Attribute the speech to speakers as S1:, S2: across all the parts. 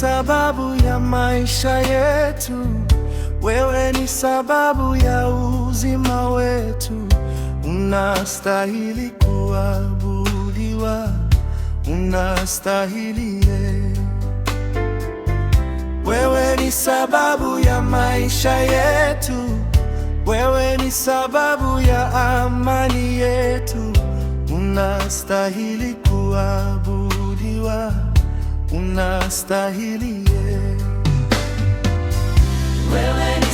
S1: sababu ya maisha yetu, wewe ni sababu ya uzima wetu. Unastahili kuabudiwa, unastahili wewe ni sababu ya maisha yetu, wewe ni sababu ya amani yetu, unastahili kuabudiwa unastahiliye wewe ni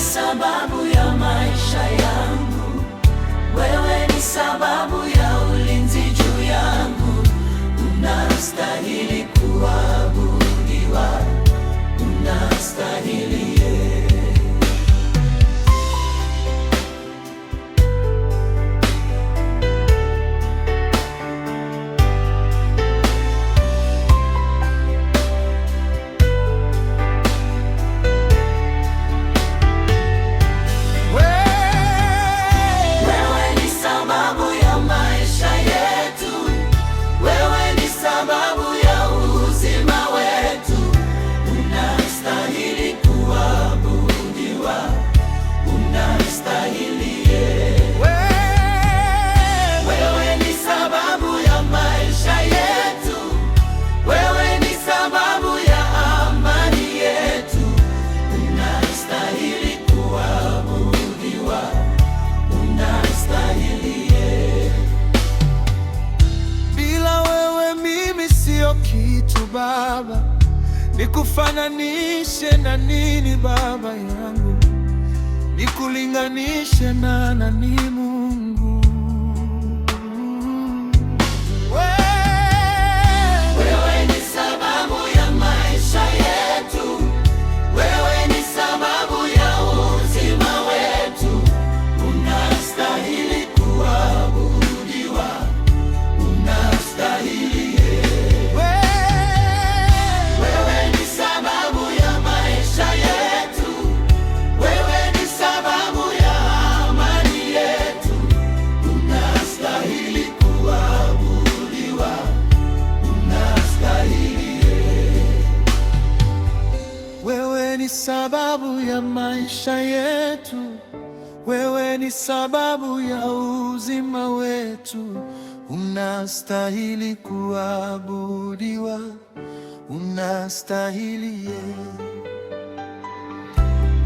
S1: kitu Baba, nikufananishe na nini Baba yangu, nikulinganishe na nani Mungu sababu ya maisha yetu, wewe ni sababu ya uzima wetu. Unastahili kuabudiwa, unastahili ye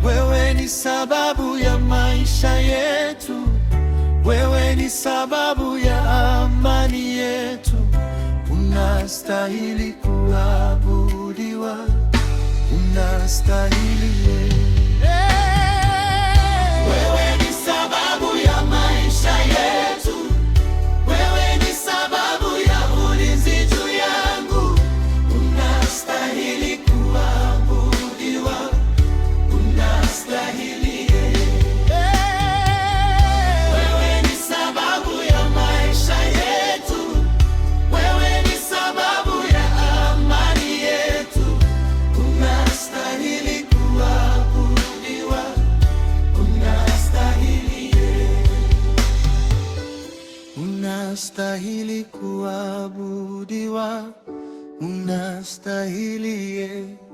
S1: wewe ni sababu ya maisha yetu, wewe ni sababu ya amani yetu, unastahili kuabudiwa. настає. unastahili kuabudiwa, unastahili yeah.